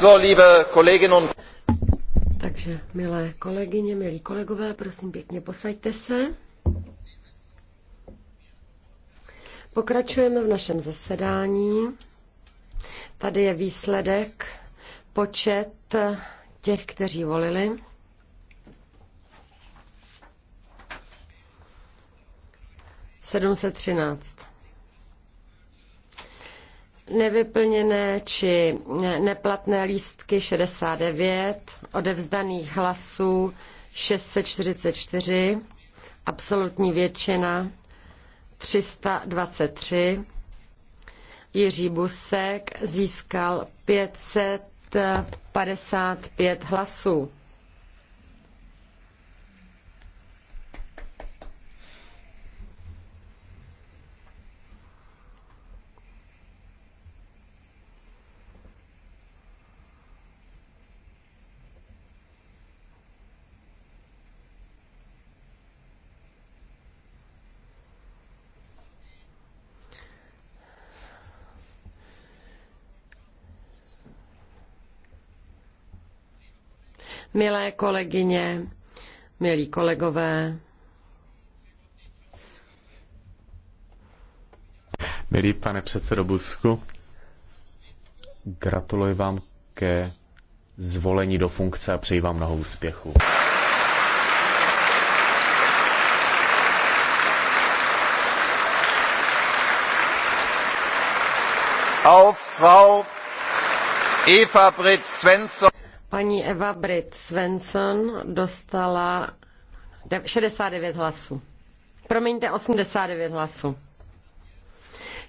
So, liebe Kolleginnen und Takže, milé kolegyně, milí kolegové, prosím pěkně, posaďte se. Pokračujeme v našem zasedání. Tady je výsledek, počet těch, kteří volili. Sedm se třináct nevyplněné či neplatné lístky 69, odevzdaných hlasů 644, absolutní většina 323. Jiří Busek získal 555 hlasů. Milé kolegyně, milí kolegové, Milý pane předsedo Busku, gratuluji vám ke zvolení do funkce a přeji vám mnoho úspěchu. Auf Frau Eva Britt Svensson. Paní Eva Brit Svensson dostala 69 hlasů. Promiňte, 89 hlasů.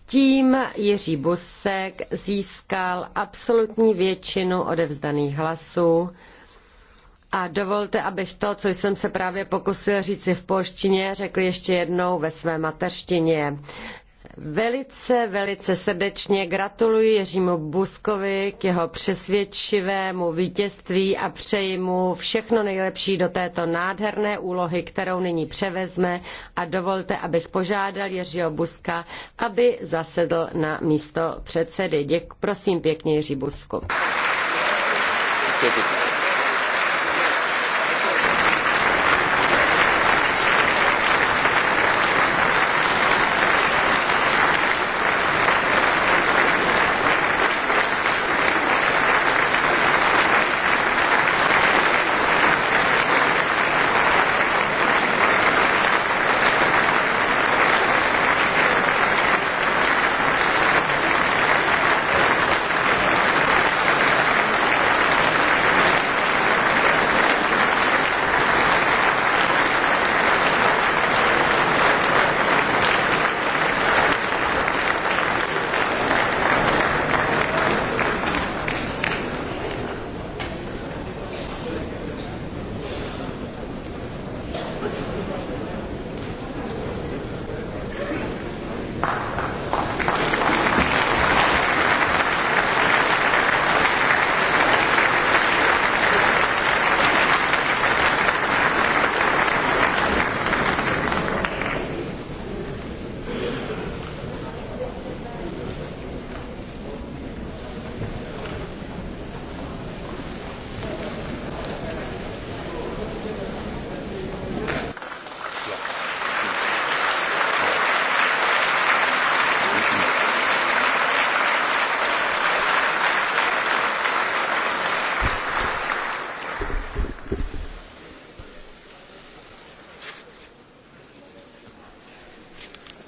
Tím Jiří Busek získal absolutní většinu odevzdaných hlasů. A dovolte, abych to, co jsem se právě pokusil říci v polštině, řekl ještě jednou ve své mateřštině. Velice, velice srdečně gratuluji Jiřímu Buskovi k jeho přesvědčivému vítězství a přeji mu všechno nejlepší do této nádherné úlohy, kterou nyní převezme a dovolte, abych požádal Jiřího Buska, aby zasedl na místo předsedy. Děk, prosím pěkně Jiří Busku.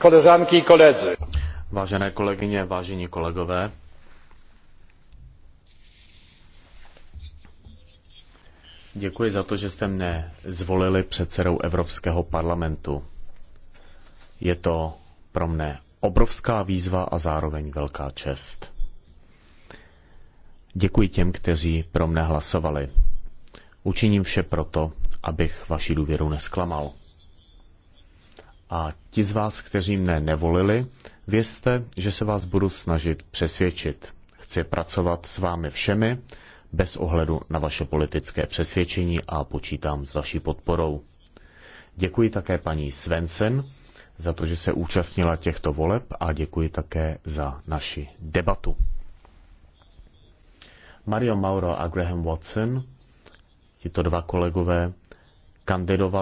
Koleżanki i koledzy. Vážené kolegyně, vážení kolegové, děkuji za to, že jste mne zvolili předsedou Evropského parlamentu. Je to pro mne obrovská výzva a zároveň velká čest. Děkuji těm, kteří pro mne hlasovali. Učiním vše proto, abych vaši důvěru nesklamal. A ti z vás, kteří mne nevolili, vězte, že se vás budu snažit přesvědčit. Chci pracovat s vámi všemi, bez ohledu na vaše politické přesvědčení a počítám s vaší podporou. Děkuji také paní Svensen za to, že se účastnila těchto voleb a děkuji také za naši debatu. Mario Mauro a Graham Watson, tito dva kolegové, kandidovali